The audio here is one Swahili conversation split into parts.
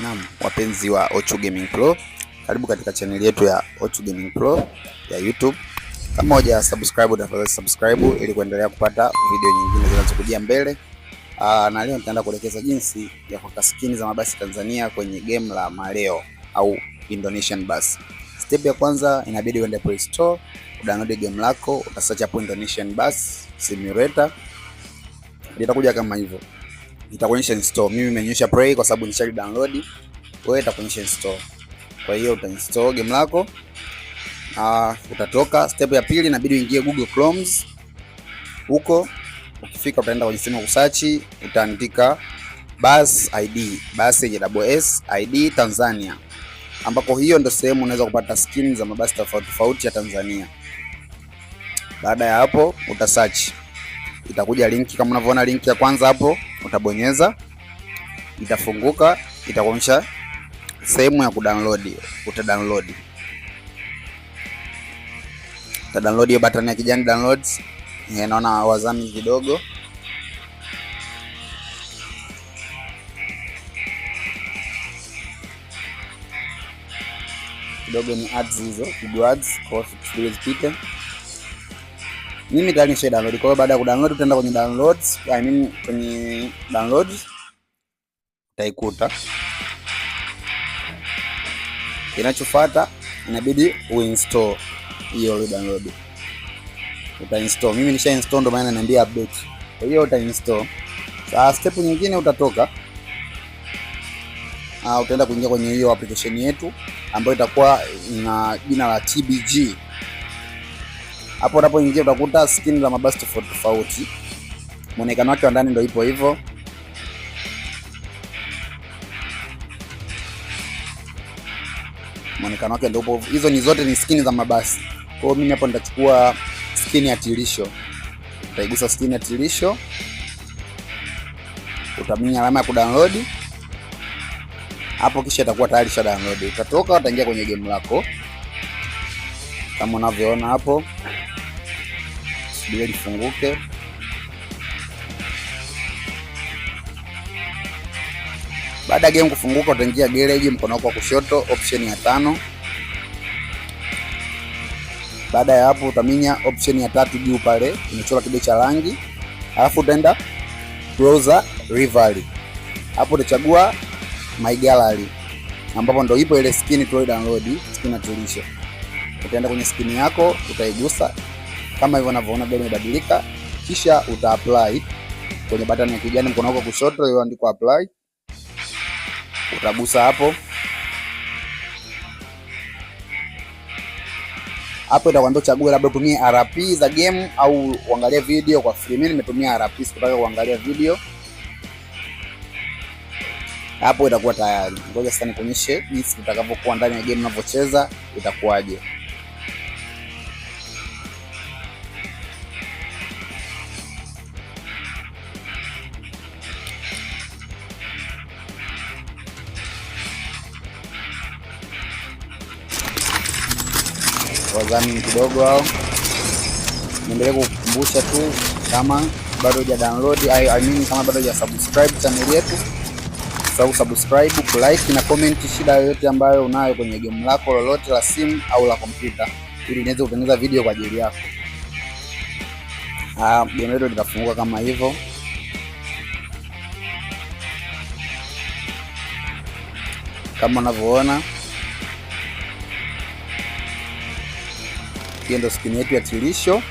Naam, wapenzi wa Ochu Gaming Pro, karibu katika chaneli yetu ya Ochu Gaming Pro ya YouTube. Kama hoja subscribe, tafadhali subscribe ili kuendelea kupata video nyingine zinazokujia mbele. Aa, ah, na leo nitaenda kuelekeza jinsi ya kuweka skini za mabasi Tanzania kwenye game la Maleo au Indonesian Bus. Step ya kwanza inabidi uende Play Store, udownload game lako, utasearch hapo Indonesian Bus Simulator. Litakuja kama hivyo itakuonyesha install. Mimi nimeonyesha Play kwa sababu nishali download, wewe itakuonyesha install. Kwa hiyo uta install game lako. Ah, utatoka step ya pili, inabidi uingie Google Chrome. Huko ukifika utaenda kwenye sehemu ya search, utaandika bus ID, bus JWS ID Tanzania, ambako hiyo ndio sehemu unaweza kupata skin za mabasi tofauti tofauti ya Tanzania. Baada ya hapo utasearch, itakuja linki kama unavyoona, linki ya kwanza hapo utabonyeza, itafunguka, itakuonyesha sehemu ya kudownload. Uta download uta download hiyo button ya kijani downloads. Eh, naona wazami kidogo kidogo, ni ads hizo, Google ads, kwa hiyo tusipite mimi tayari nisha download. Kwa hiyo baada ya kudownload utaenda kwenye downloads, I mean kwenye downloads utaikuta. Kinachofuata inabidi uinstall hiyo ile download. Utainstall. Mimi nisha install ndo maana niambia update. Kwa hiyo utainstall. Sasa step nyingine utatoka Uh, utaenda kuingia kwenye hiyo application yetu ambayo itakuwa ina jina la TBG. Hapo unapoingia utakuta skin za mabasi tofauti tofauti, muonekano wake wa ndani ndio ipo hivyo. Muonekano wake ndio hizo ni zote ni skin za mabasi. Kwa hiyo mimi hapo nitachukua skin ya tirisho, utaigusa skin ya tirisho, utaminya alama ya kudownload hapo, kisha itakuwa tayari sha download. Utatoka, utaingia kwenye game lako kama unavyoona hapo subiria lifunguke. Baada ya game kufunguka, utaingia gereji, mkono wako wa kushoto, option ya tano. Baada ya hapo, utaminya option ya tatu juu pale, imechora kidogo cha rangi, alafu utaenda browser rivalry. Hapo utachagua my gallery, ambapo ndo ipo ile skin tulio download skin atulisha. Utaenda kwenye skin yako, utaigusa kama hivyo unavyoona bado imebadilika, kisha uta apply kwenye button ya kijani mkono wako kushoto iliyoandikwa apply, utagusa hapo hapo itakwambia uchague labda utumie RP za game au uangalie video kwa free. Mimi nimetumia RP, sikutaka kuangalia video. Hapo itakuwa tayari. Ngoja sasa nikuonyeshe jinsi utakavyokuwa ndani ya game unavyocheza itakuwaje. watazamini kidogo hao. Niendelee kukumbusha tu kama bado huja download I, I mean kama bado huja subscribe channel yetu, usahau subscribe, like na comment shida yoyote ambayo unayo kwenye game lako lolote la simu au la kompyuta, ili niweze kutengeneza video kwa ajili yako. Ah, game letu litafunguka kama hivyo. Kama unavyoona hiyo ndo skini yetu ya tilisho.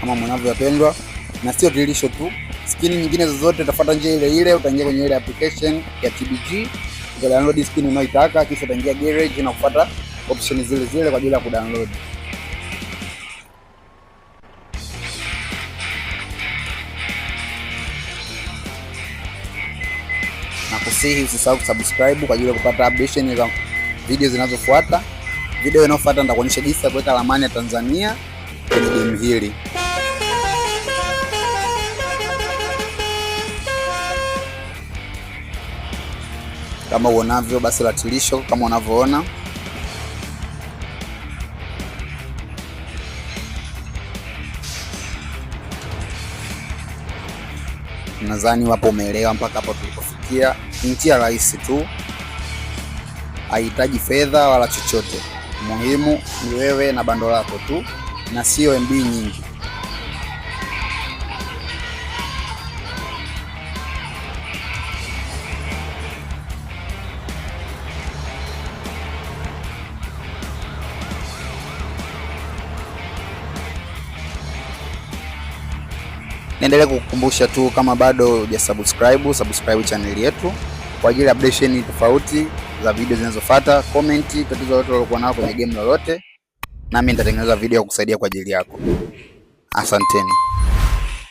Kama mnavyopendwa na sio tilisho tu, skini nyingine zozote utafuata njia ile ile, utaingia kwenye ile application ya TBG utadownload skini unaoitaka, kisha utaingia garage na kufuata option zile zile kwa ajili ya kudownload. nakusihi usisahau kusubscribe kwa ajili ya kupata updation za video zinazofuata. Video inayofuata nitakuonyesha jinsi ya kuweka ramani ya Tanzania kwenye game hili. Kama uonavyo basi latilisho kama unavyoona Nadhani wapo umeelewa mpaka hapo tulipofikia ni njia rahisi tu, haihitaji fedha wala chochote. Muhimu ni wewe na bando lako tu na sio MB nyingi. Niendelee kukukumbusha tu, kama bado hujasubscribe, subscribe chaneli yetu kwa ajili ya updation tofauti za video zinazofuata. Comment tatizo lolote lilokuwa nalo kwenye game lolote, nami nitatengeneza video ya kusaidia kwa ajili yako. Asanteni.